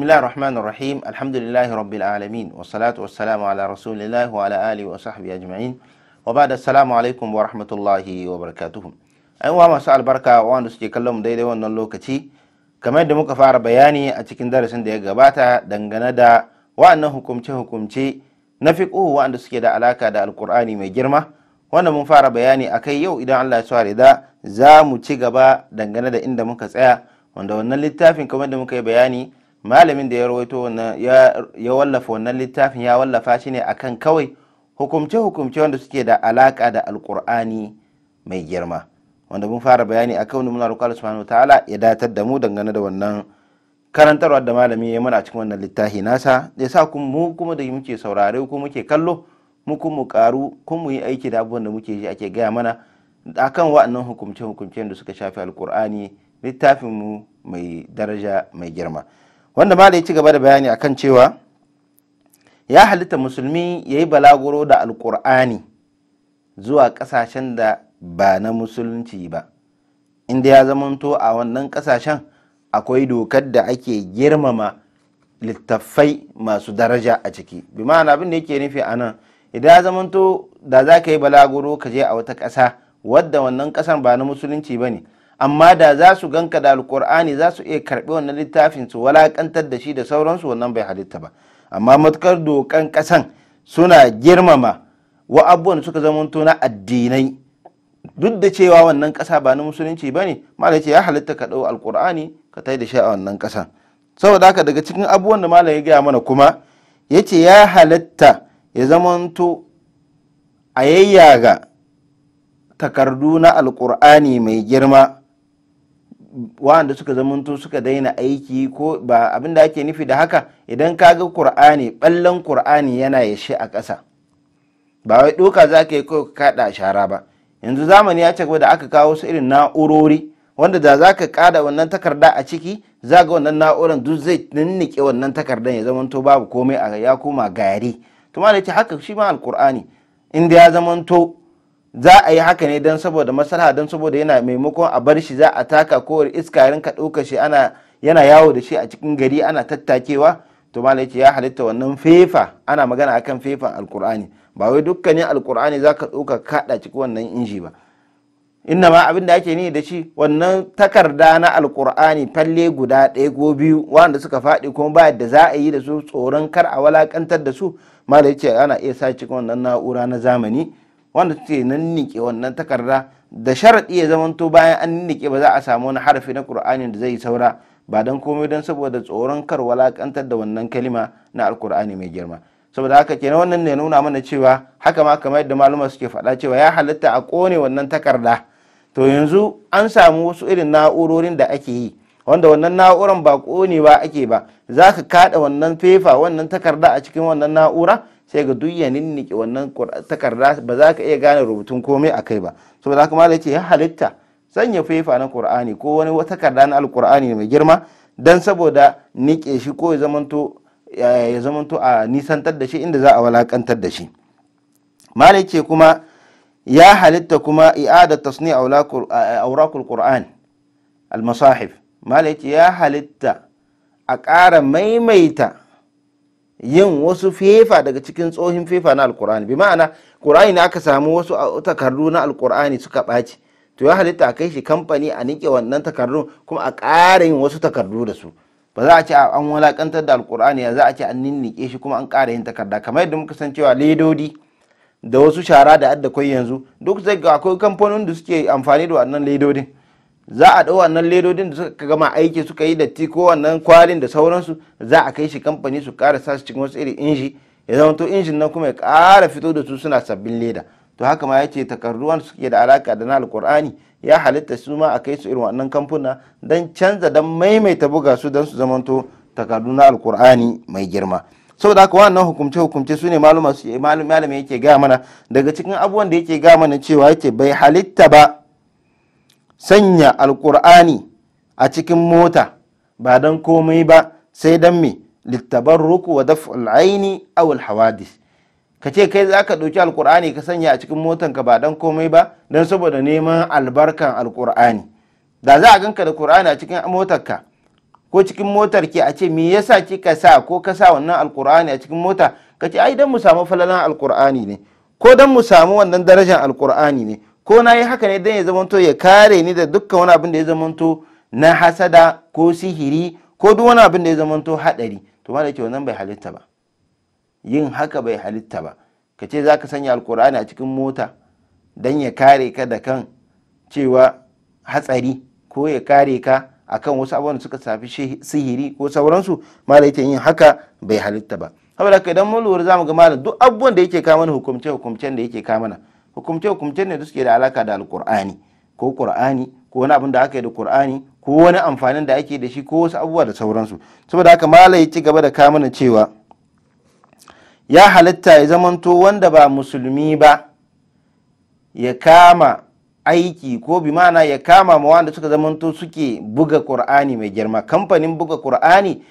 بسم الله الرحمن الرحيم الحمد لله رب العالمين والصلاة والسلام على رسول الله وعلى آله وصحبه أجمعين وبعد السلام عليكم ورحمة الله وبركاته أيوة masu albarka wanda suke kallon mu daidai wannan lokaci kamar yadda muka fara bayani a cikin darasin da ya gabata dangane da wa'annan hukumce-hukumce na fiqhu wa'anda suke da alaka da alkur'ani mai girma wanda mun fara bayani akai yau idan Allah ya sa da za mu ci gaba dangane da inda muka tsaya wanda wannan littafin kamar da muka yi bayani malamin da ya rawaito ya wallafa wannan littafin ya wallafa shi ne akan kawai hukumce-hukumce wanda suke da alaka da alkur'ani mai girma wanda mun fara bayani a kawai muna roƙar subhanahu ta'ala ya datar da mu dangane da wannan karantarwa da malami ya mana a cikin wannan littafi nasa ya sa mu kuma da muke saurare ko muke kallo mu kuma mu karu kun mu yi aiki da abubuwan da muke shi ake gaya mana akan wa'annan hukumce hukumce da suka shafi alkur'ani littafin mu mai daraja mai girma wanda ma da ya ci gaba da bayani akan cewa ya halitta musulmi ya yi balaguro da alkur'ani zuwa kasashen da ba na musulunci ba inda ya zamanto a wannan kasashen akwai dokar da ake girmama littattafai masu daraja a ciki bi ma'ana abin da yake nufi a nan idan ya zamanto da za ka yi balaguro ka je a wata ƙasa wadda wannan ƙasar ba na musulunci ba ne amma da za su ganka da alkur'ani za su iya karbi wannan littafin su walakantar da shi da sauransu wannan bai halitta ba amma matukar dokan kasan suna girmama wa abubuwan da suka zama na addinai duk da cewa wannan ƙasa ba na musulunci ba ne malam ya halitta ka ɗau alkur'ani ka tai da shi a wannan kasan saboda haka daga cikin abubuwan da malam ya gaya mana kuma yace ya halitta ya zamanto a yayyaga takardu na alkur'ani mai girma wanda suka zamanto suka daina aiki ko ba abin da ake nufi da haka idan ka ga ƙur'ani ɓallon ƙur'ani yana ya a ƙasa ba wai ɗoka za ka yi ko ka kada shara ba yanzu zamani ya ci da aka kawo su irin na'urori wanda da za ka kada wannan takarda a ciki za ga wannan na'urar duk zai ninnike wannan takardan ya zamanto babu komai a ya koma gari tuma ma ce haka shi ma Alkur'ani inda ya zamanto za a yi haka ne don saboda maslaha don saboda yana maimakon a bar shi za a taka kowar iska yin ka ɗauka shi ana yana yawo da shi a cikin gari ana tattakewa to malai ya halitta wannan fefa ana magana akan fefan alkur'ani ba wai dukkanin alkur'ani za ka ɗauka kaɗa cikin wannan inji ba inna ma abin da ake ni da shi wannan takarda na alkur'ani falle guda ɗaya ko biyu wanda suka faɗi kuma ba yadda za a yi da su tsoron kar a walakantar da su malai ce ana iya sa cikin wannan na'ura na zamani wanda nan nannike wannan takarda da sharaɗi ya zamanto bayan an nike ba za a samu wani harafi na qur'ani da zai saura ba don komai don saboda tsoron kar walakantar da wannan kalima na alkur'ani mai girma saboda haka kenan wannan ne nuna mana cewa haka ma kamar yadda maluma suke faɗa cewa ya halitta a ƙone wannan takarda to yanzu an samu wasu irin na'urorin da ake yi wanda wannan na'uran ba ƙone ba ake ba za ka kaɗa wannan fefa wannan takarda a cikin wannan na'ura sai ga duk ya ninnike wannan takarda ba za ka iya gane rubutun komai a kai ba saboda haka malai ce ya halitta sanya fefa na qur'ani ko wani takarda na alqur'ani mai girma dan saboda nike shi ko ya zamanto a nisantar da shi inda za a walakantar da shi malai ce kuma ya halitta kuma i'ada tasni aurakul qur'an al masahif malai ce ya halitta a ƙara maimaita yin wasu fefa daga cikin tsohin fefa na alkur'ani bi ma'ana qur'ani ne aka samu wasu takardu na alkur'ani suka ɓaci to ya halitta a kai shi kamfani a nike wannan takardun kuma a ƙara yin wasu takardu da su ba za a ce an walaƙantar da alkur'ani ya za a ce an ninnike shi kuma an ƙara yin takarda kamar yadda muka san cewa ledodi da wasu shara da adda kwai yanzu duk zai ga akwai kamfanonin da suke amfani da wannan ledodin za a ɗau wannan ledodin da suka gama aiki suka yi datti ko wannan kwalin da sauransu za a kai shi kamfani su kara sa su cikin wasu irin inji ya zama to injin nan kuma ya kara fito da su suna sabbin leda to haka ma yace takarruwan suke da alaka da na alkur'ani ya halitta su ma a kai su irin wannan kamfuna don canza don maimaita buga su don su to takardu na alkur'ani mai girma saboda haka wannan hukumce hukumce su ne malama yake gaya mana daga cikin abubuwan da yake gaya mana cewa yake bai halitta ba sanya alkur'ani a cikin mota ba don komai ba sai don me littabarruku wa daf'ul aini awul hawadis ka ce kai za ka ɗauki alkur'ani ka sanya a cikin motanka ba don komai ba don saboda neman albarkan alkur'ani da za a ganka da kur'ani a cikin motarka ko cikin motar ke a ce me yasa kika sa ko ka sa wannan alkur'ani a cikin mota ka ce ai don mu samu falalan alkur'ani ne ko don mu samu wannan darajar alkur'ani ne ko na yi haka ne dan ya zamanto ya kare ni da dukkan wani abin da ya zamanto na hasada ko sihiri ko duk wani abin da ya zamanto haɗari to ma da ke wannan bai halitta ba yin haka bai halitta ba ka ce za ka sanya alkur'ani a cikin mota don ya kare ka da kan cewa hatsari ko ya kare ka akan wasu abubuwan suka safi sihiri ko sauransu ma da yin haka bai halitta ba saboda haka idan mun lura zamu ga malam duk abubuwan da yake kawo mana hukumce hukumcen da yake kawo mana hukumce hukumce ne da suke da alaka da alkur'ani ko qur'ani ko wani abin da aka yi da qur'ani ko wani amfanin da ake da shi ko wasu abubuwa da sauransu saboda haka mala ya ci gaba da kamana cewa ya halitta ya zamanto wanda ba musulmi ba ya kama aiki ko bi mana ya kama ma wanda suka zamanto suke buga qur'ani mai girma kamfanin buga qur'ani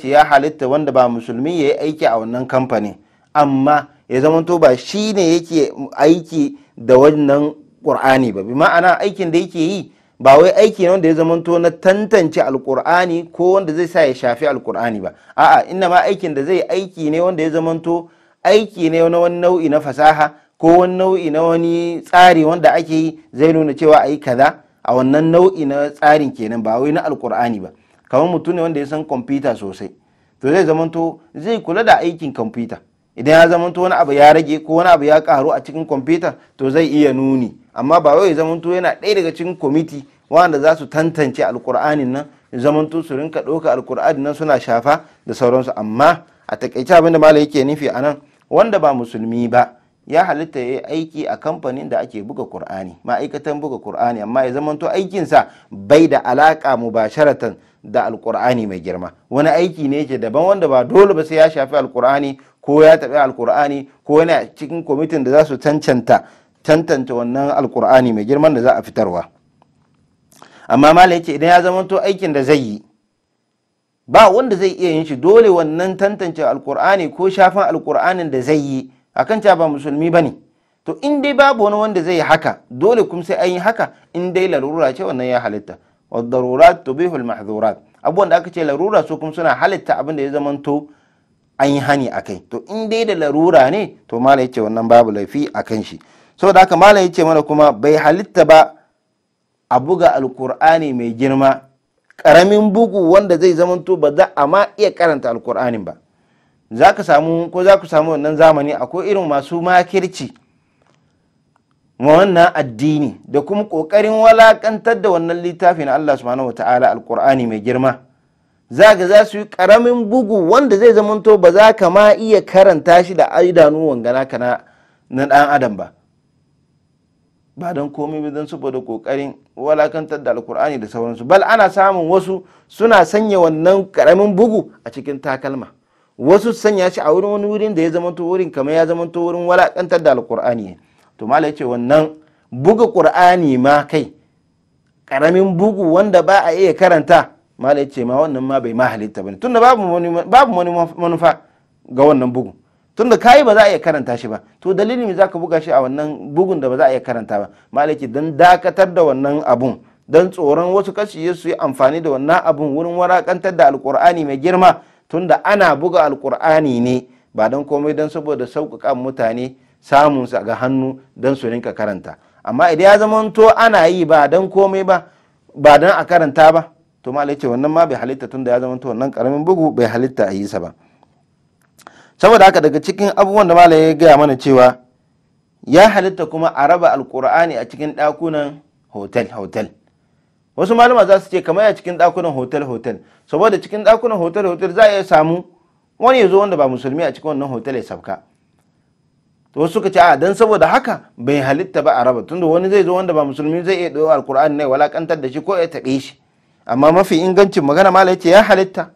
ce ya halitta wanda ba musulmi ya yi aiki a wannan kamfanin amma ya zamanto ba shi ne yake aiki da wannan ƙur'ani ba bi ma'ana aikin da yake yi ba wai aiki ne wanda ya zamanto na tantance alƙur'ani ko wanda zai sa ya shafi alƙur'ani ba a'a inna ma aikin da zai aiki ne wanda ya zamanto aiki ne na wani nau'i na fasaha ko wani nau'i na wani tsari wanda ake yi zai nuna cewa a yi kaza a wannan nau'i na tsarin kenan ba wai na alkur'ani ba kamar mutum ne wanda ya san kwamfuta sosai to zai zamanto zai kula da aikin kwamfuta idan ya zamanto wani abu ya rage ko wani abu ya karu a cikin kwamfuta to zai iya nuni amma ba wai zamanto yana ɗaya daga cikin kwamiti wanda za su tantance alkur'anin nan zamanto su rinka ɗauka alkur'anin nan suna shafa da sauransu amma a takaice abin da malam yake nufi a nan wanda ba musulmi ba ya halitta ya yi aiki a kamfanin da ake buga kur'ani ma'aikatan buga kur'ani amma ya zamanto aikinsa bai da alaka mubasharatan da alkur'ani mai girma wani aiki ne yake daban wanda ba dole ba sai ya shafi alkur'ani ko ya taɓi alkur'ani ko yana cikin kwamitin da za su cancanta tantance wannan alkur'ani mai girman da za a fitarwa amma mala yake idan ya zamanto aikin da zai yi ba wanda zai iya yin shi dole wannan tantance alkur'ani ko shafin alkur'anin da zai yi akan cewa ba musulmi ba ne? to in dai babu wani wanda zai yi haka dole kuma sai an yi haka in dai larura ce wannan ya halitta wad darurat tubihu al mahdhurat abubuwan da aka ce larura su kuma suna halitta abin da ya zamanto an yi hani a kai to in dai da larura ne to malam yace wannan babu laifi a kan shi saboda haka malam ce mana kuma bai halitta ba a buga alkur'ani mai girma karamin bugu wanda zai zamanto ba za a ma iya karanta alkur'anin ba za ka samu ko za ku samu wannan zamani akwai irin masu makirci wannan addini da kuma ƙoƙarin walakantar da wannan littafin Allah subhanahu wata'ala alkur'ani mai girma za ga za su yi karamin bugu wanda zai zamanto ba za ka ma iya karanta shi da idanu wangana ka na dan adam ba ba don komai ba don saboda kokarin walakantar da alkur'ani da sauransu bal ana samun wasu suna sanya wannan karamin bugu a cikin takalma wasu sanya shi a wurin wani wurin da ya zamanto wurin kamar ya zamanto wurin walakantar da alkur'ani to mala ya wannan buga Kur'ani ma kai karamin bugu wanda ba a iya karanta malai ce ma wannan ma bai ma halitta ba ne tunda babu wani manufa ga wannan bugu tunda kayi ba za a iya karanta shi ba to dalilin me ka buga shi a wannan bugun da ba za a iya karanta ba malai ce dan dakatar da wannan abun don tsoron wasu kashi su yi amfani da wannan abun wurin warakantar da alkur'ani mai girma tunda ana buga alkur'ani ne ba don komai don saboda sauƙaƙa mutane samun sa ga hannu don su rinka karanta amma idan ya zama to ana yi ba don komai ba ba don a karanta ba to malai ce wannan ma bai halitta tunda ya zama wannan karamin bugu bai halitta a yi sa ba saboda haka daga cikin abubuwan da malai ya gaya mana cewa ya halitta kuma a raba alkur'ani a cikin dakunan hotel hotel wasu malama za su ce kamar a cikin dakunan hotel hotel saboda cikin dakunan hotel hotel za a iya samu wani ya zo wanda ba musulmi a cikin wannan hotel ya sabka to wasu suka ce a dan saboda haka bai halitta ba a raba tunda wani zai zo wanda ba musulmi zai iya ɗaya alkur'ani ne walakantar da shi ko ya taɓe shi amma mafi ingancin magana malam ce ya halitta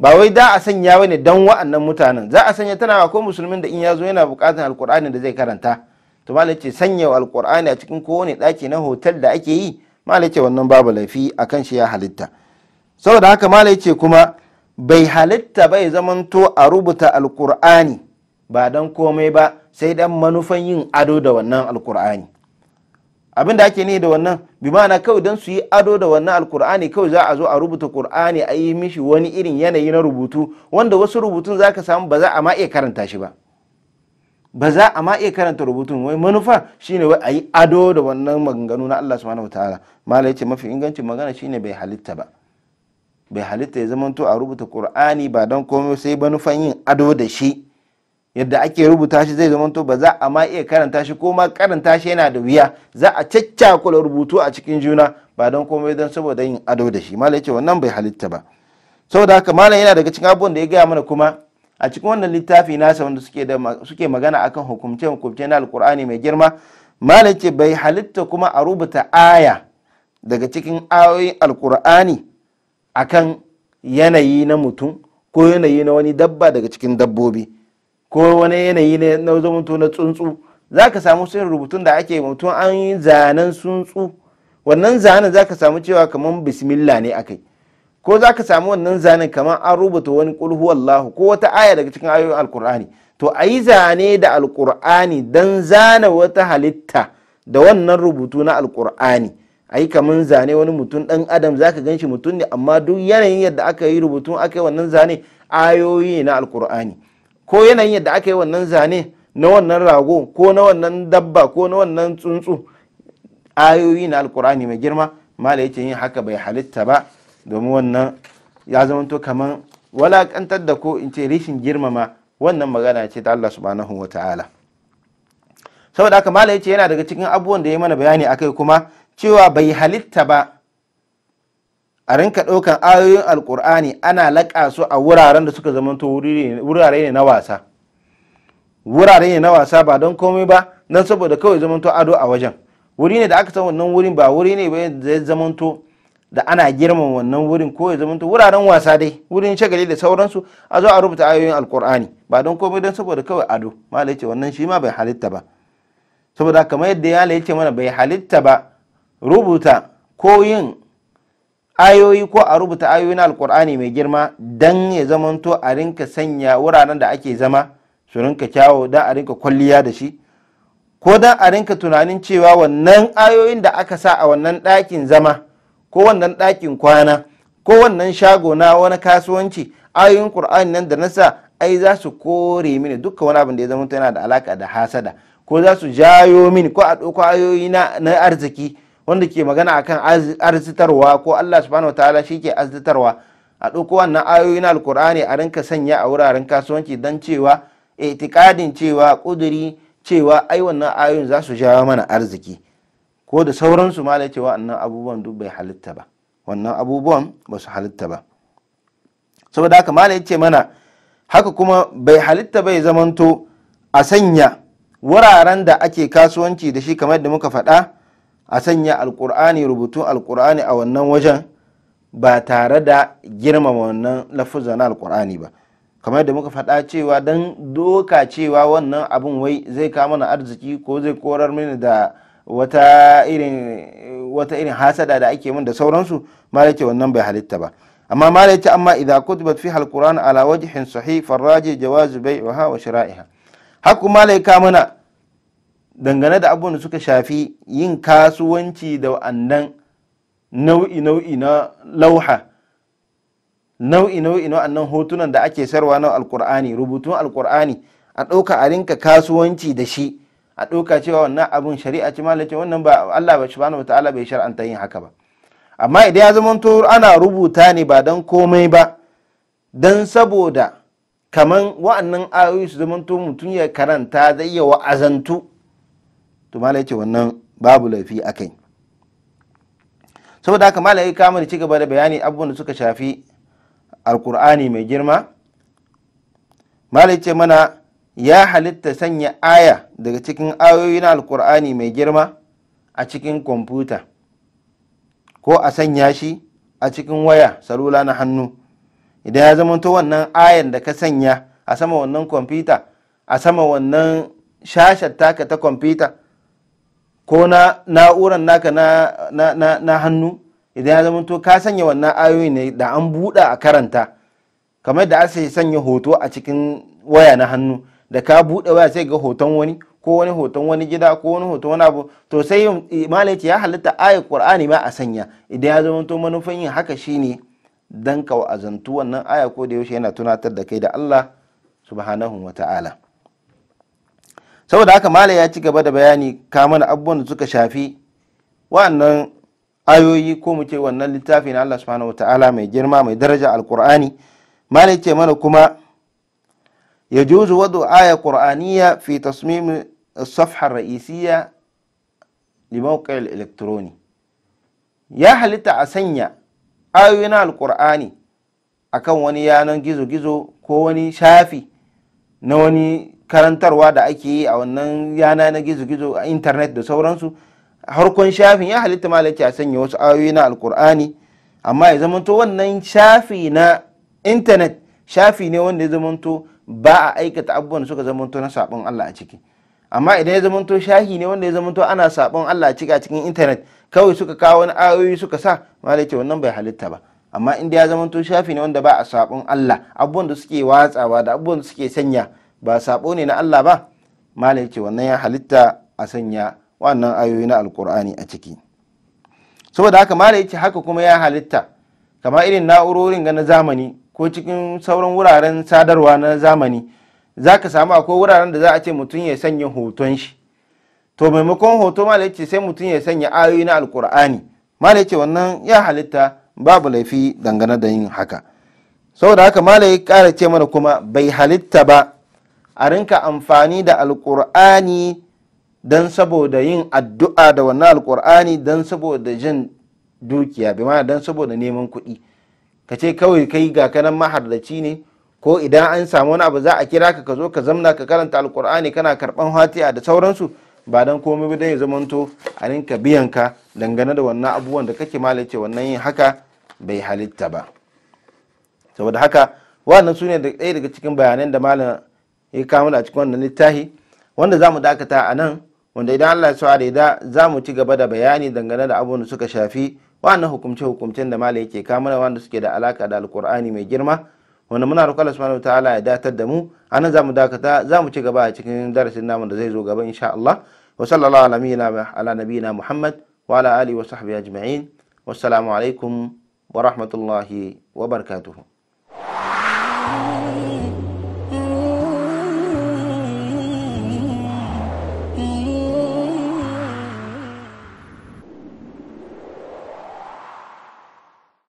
ba wai da a sanya wani dan wa'annan mutanen za a sanya tana akwai musulmin da in ya zo yana buƙatar alkur'ani da zai karanta to malam ce sanya alkur'ani a cikin kowane ɗaki na hotel da ake yi malam ce wannan babu laifi a kan shi ya halitta saboda haka malam ce kuma bai halitta bai zamanto a rubuta alkur'ani ba dan komai ba sai dan manufan yin ado da wannan alkur'ani abin da ake ne da wannan bi ma'ana kawai don su yi ado da wannan alkur'ani kawai za a zo a rubuta kur'ani a yi mishi wani irin yanayi na rubutu wanda wasu rubutun za ka samu ba za a ma karanta shi ba ba za a ma karanta rubutun wai manufa shine wai a yi ado da wannan maganganu na Allah subhanahu wataala mala yace mafi ingancin magana shine bai halitta ba bai halitta ya zamanto a rubuta qur'ani ba don komai sai manufan yin ado da shi yadda ake rubuta shi zai zamanto ba za a ma iya karanta shi ko ma karanta shi yana da wuya za a caccakula rubutu a cikin juna ba don komai don saboda yin ado da shi malai ce wannan bai halitta ba saboda haka malam yana daga cikin abubuwan da ya gaya mana kuma a cikin wannan littafi nasa wanda suke da suke magana akan hukumce hukumce na alkur'ani mai girma malam ce bai halitta kuma a rubuta aya daga cikin ayoyin alkur'ani akan yanayi na mutum ko yanayi na wani dabba daga cikin dabbobi ko wani yanayi na zamanto na tsuntsu za ka samu sai rubutun da ake mutum an yi zanen tsuntsu wannan zanen za ka samu cewa kamar bismillah ne akai ko za ka samu wannan zanen kamar an rubuta wani kulhu wallahu ko wata aya daga cikin ayoyin alkur'ani to a yi zane da alkur'ani don zana wata halitta da wannan rubutu na alkur'ani a yi kamar zane wani mutum dan adam za ka gan shi mutum ne amma duk yanayin yadda aka yi rubutu aka yi wannan zane ayoyi na alkur'ani ko yanayin yadda aka yi wannan zane na wannan rago ko na wannan dabba ko na wannan tsuntsu ayoyi na alkurani mai girma mala yake yin haka bai halitta ba domin wannan ya zama to kamar walakantar da ko in ce rishin girmama wannan magana ce ta Allah subhanahu wa ta'ala saboda haka mala yake yana daga cikin abubuwan da ya mana bayani akai kuma cewa bai halitta ba a rinka ɗaukan ayoyin alkur'ani ana laƙa su a wuraren da suka zamanto wurare ne na wasa wurare ne na wasa ba don komai ba don saboda kawai zamanto ado a wajen wuri ne da aka san wannan wurin ba wuri ne da ya zamanto da ana girman wannan wurin ko ya zamanto wuraren wasa dai wurin shagali da sauransu a zo a rubuta ayoyin alkur'ani ba don komai don saboda kawai ado malai ce wannan shi ma bai halitta ba saboda kamar yadda ya ce mana bai halitta ba rubuta ko yin ayoyi ko a rubuta ayoyi na alkur'ani mai girma dan ya zamanto a rinka sanya wuraren da ake zama su rinka kyawo dan a rinka kwalliya da shi ko dan a rinka tunanin cewa wannan ayoyin da aka sa a wannan ɗakin zama ko wannan ɗakin kwana ko wannan shago na wani kasuwanci ayoyin qur'ani nan da nasa ai za su kore mini dukkan wani abin da ya zama yana da alaka da hasada ko za su jayo mini ko a ɗauko ayoyi na arziki wanda ke magana akan arzitarwa ko Allah subhanahu wataala shi ke arzitarwa a ɗauko wannan ayoyi na alkur'ani a rinka sanya a wuraren kasuwanci don cewa itikadin cewa ƙuduri cewa ai wannan ayoyin za su jawo mana arziki ko da sauransu ma cewa wannan abubuwan duk bai halitta ba wannan abubuwan ba su halitta ba saboda haka mala ce mana haka kuma bai halitta bai zamanto a sanya wuraren da ake kasuwanci da shi kamar da muka faɗa a sanya alkur'ani rubutun alkur'ani a wannan wajen ba tare da girmama wannan lafuzan na alkur'ani ba kamar yadda muka faɗa cewa don doka cewa wannan abin wai zai kama na arziki ko zai korar mini da wata irin wata hasada da ake min da sauransu malaka wannan bai halitta ba amma malaka amma idza kutibat fi alquran ala wajihin sahih faraji jawazu bai wa shira'iha haku malaka mana dangane da abubuwan da suka shafi yin kasuwanci da wa'annan nau'i-nau'i na lauha nau'i-nau'i na wa'annan hotunan da ake sarwa na alkur'ani rubutun alkur'ani a ɗauka a rinka kasuwanci da shi a ɗauka cewa wannan abin shari'a ce ce, wannan ba Allah ba subhanahu ta'ala bai shar'anta yin haka ba amma idan ya zama to ana rubuta ne ba don komai ba don saboda kaman wa'annan ayoyi su zama to mutum ya karanta zai iya wa'azantu to mala yace wannan babu laifi akai saboda haka mala yayi kama da ci gaba da bayani abubuwan da suka shafi alkur'ani mai girma mala yace mana ya halitta sanya aya daga cikin ayoyi na alkur'ani mai girma a cikin kwamfuta ko a sanya shi a cikin waya salula na hannu idan ya zamanto wannan ayan da ka sanya a sama wannan kwamfuta a sama wannan shashar taka ta kwamfuta ko na na'uran naka na, hannu idan ya zama to ka sanya wannan ayoyi ne da an buɗa a karanta kamar da aka sanya hoto a cikin waya na hannu da ka buɗe waya sai ga hoton wani ko wani hoton wani gida ko wani hoton wani abu to sai malaci ya halitta aya qur'ani ma a sanya idan ya zama to manufan yin haka shine dan ka wa'azantu wannan aya ko da yaushe yana tunatar da kai da Allah subhanahu wa ta'ala saboda haka malam ya ci gaba da bayani kamar abubuwan da suka shafi wa'annan ayoyi ko mu ce wannan littafi na Allah subhanahu wa ta'ala mai girma mai daraja alkur'ani malam ce mana kuma ya juzu wadu aya qur'aniya fi tasmim safha ra'isiyya limawqi elektroni ya halitta a sanya ayoyi na alkur'ani akan wani yanan gizo-gizo ko wani shafi na wani karantarwa da ake yi a wannan yana na gizo-gizo a intanet da sauransu harkon shafin ya halitta malaki a sanya wasu ayoyi na alkur'ani amma ya zamanto wannan shafi na intanet shafi ne wanda ya zamanto ba a aikata abubuwan suka zamanto na sabon Allah a ciki amma idan ya zamanto shahi ne wanda ya zamanto ana sabon Allah a ciki a cikin intanet kawai suka kawo wani ayoyi suka sa malaki wannan bai halitta ba amma inda ya zamanto shafi ne wanda ba a sabon Allah abubuwan da suke watsawa da abubuwan da suke sanya ba saɓo ne na Allah ba malai ce wannan ya halitta a sanya wannan ayoyi na alkur'ani a ciki saboda haka malai ce haka kuma ya halitta kama irin na'urorin ga na zamani ko cikin sauran wuraren sadarwa na zamani za ka samu akwai wuraren da za a ce mutum ya sanya hoton shi to maimakon hoto malai ce sai mutum ya sanya ayoyi na alkur'ani malai ce wannan ya halitta babu laifi dangane da yin haka saboda haka malai kara ce mana kuma bai halitta ba a rinka amfani da alkur'ani don saboda yin addu'a da wannan alkur'ani don saboda jin dukiya bi don saboda neman kuɗi ka ce kawai kai ga kanan mahardaci ne ko idan an samu wani abu za a kira ka ka zo ka zamna ka karanta alkur'ani kana karban hatiya da sauransu ba don komai ba dai ya zamanto a rinka biyan ka dangane da wannan abubuwan da kake malace wannan yin haka bai halitta ba saboda haka wannan su ne ɗaya daga cikin bayanan da malam ya kawo a cikin wannan littafi wanda za mu dakata a nan wanda idan Allah ya so da za mu ci gaba da bayani dangane da abubuwan da suka shafi wannan hukumce hukumcen da malam yake kawo mana wanda suke da alaka da alkur'ani mai girma wanda muna roƙon Allah subhanahu ta'ala ya datar da mu anan za mu dakata za mu ci gaba a cikin darasin namu da zai zo gaba insha Allah wa sallallahu ala nabiyyina ala nabiyyina Muhammad wa ala alihi wa sahbihi ajma'in wassalamu alaikum wa rahmatullahi wa barakatuhu